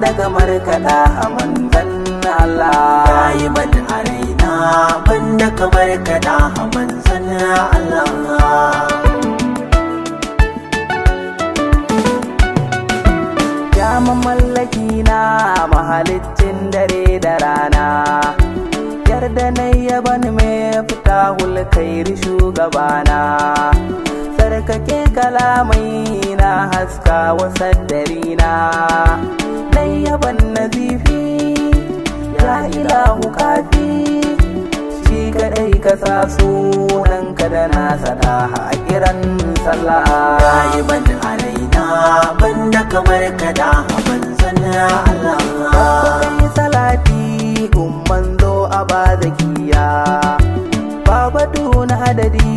daga markaɗa a manzan Allah yayi man a raina ban daga markaɗa a manzan Allah ya mallaki na mahalicin dare da rana yarda na yaban mai fita hulkairi shugabana sarkake kalamai na haska wasan darina ɗaya ban na bibi ya ilahu kafi shi kadai ka sa ka da na sada a kiran sallah ya ban alaina ban da kamar kada ban sana Allah salati umman zo a bazakiya babatu na adadi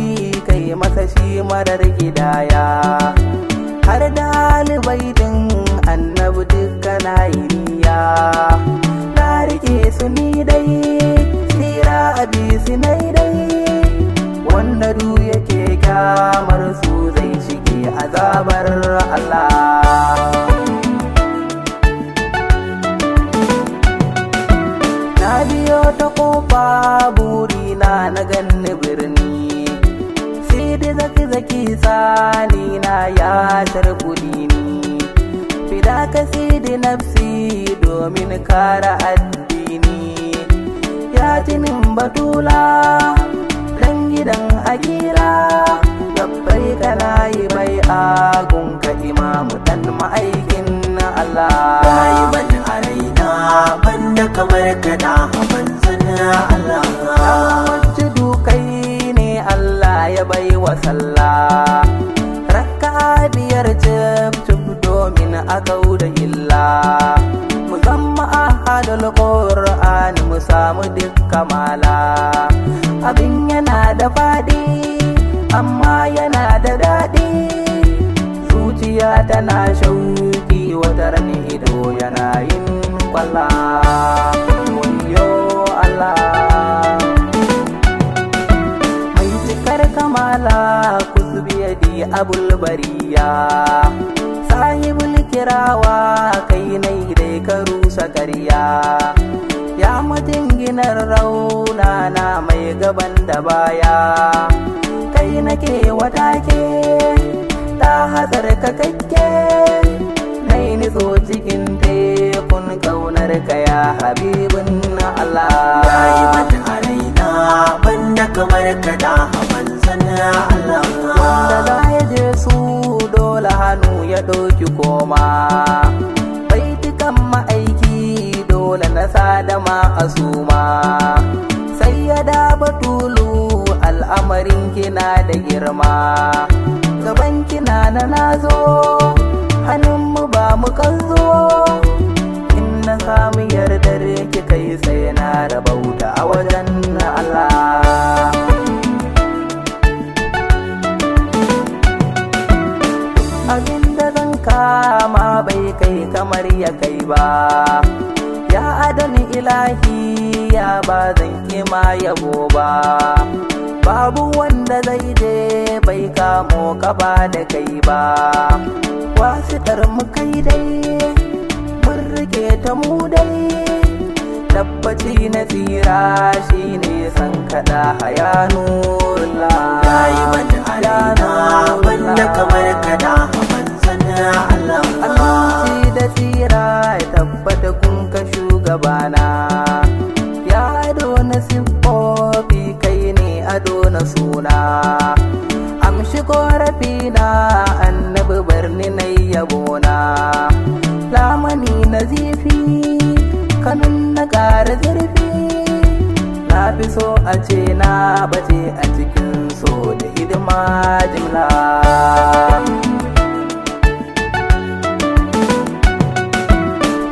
kai masa shi marar gidaya har da halibaitin annabi na iriya na rike su ni dai tsira a bisi nai dai wanda du yake kamar su zai shige azabar Allah na biyo ta kofa burina na ganni birni sai da zaki zaki tsani na ya tarkudi ni ka sidi nafsi domin kara addini ya tinin batula dan gidan akira babbar ka yi bai agunka imamu dan ma'aikin Allah a kau da illa mu zama ahadul qur'an mu samu duk kamala abin yana da faɗi amma yana da daɗi zuciya tana shauki wata rani ido yana yin kwalla mai cikar kamala ku zubiyadi abul bariya sahibul kirawa kai nai dai ka rusa karya ya mutum ginar rauna na mai gaban da baya kai nake ke ta hatsar kakakke nai nitso cikin tekun kaunar ka ya habibin Allah ya yi mata a raina banda kamar ka da a suma baitukan ma'aiki dole na sadama a suma sai ya da batulu al'amarin kina da girma gaban kina na nazo hannunmu ba mu kan zo in na samu yardar kika yi sai na wuta a wajen Allah abinda zan kama bai kai kamar ya kai ba ya adani ilahi ya ba zan kima yabo ba babu wanda zai je bai kamo kaba da kai ba wasu mu kai dai mun rike ta mu dai tabbaci na tsira shi ne san kada haya nurla ya yi bata alana banda kamar kada na siffofi kai ne ado na suna amshi korafi na annabi birni na yabona lamani na zifi kanun na ƙara zurfi na fi so a ce na bace a cikin so da hidima jimla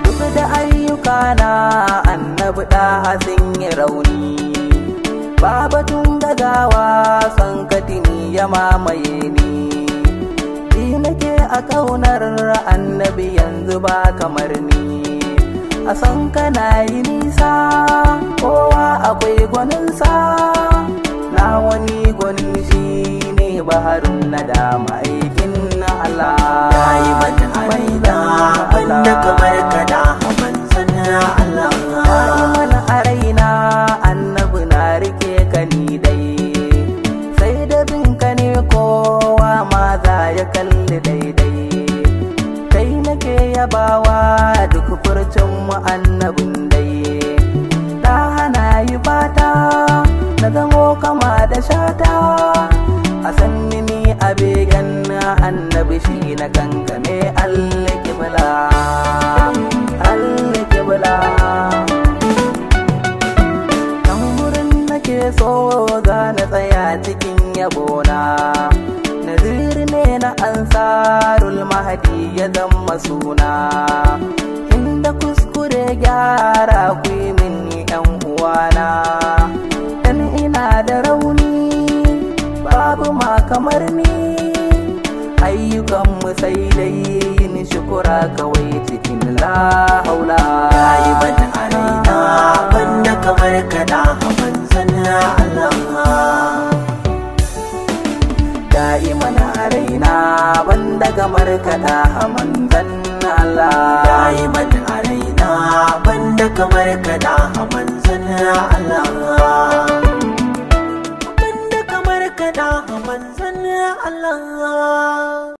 duk da ayyuka rabu da yi rauni ba batun gagawa san katini ya mamaye ni bi nake a kaunar annabi yanzu ba kamar ni a san kana yi nisa kowa akwai gwaninsa na wani gwanin shi ne baharin na damaye eh. kalli daidai kai nake yabawa duk furcin mu annabin dai ta hana yi fata na zamo kama da shata a sanni ni a begen annabi shi na kibla allikibla allikibla tamburin nake so ga na tsaya cikin yabona mahadi ya zama suna inda kuskure gyara ku min yan uwana dan ina da rauni babu ma kamar ni ayyukan mu sai dai yin shukura kawai cikin la haula markaɗa hamanzan Allah. dai a raina Banda kamar kaɗa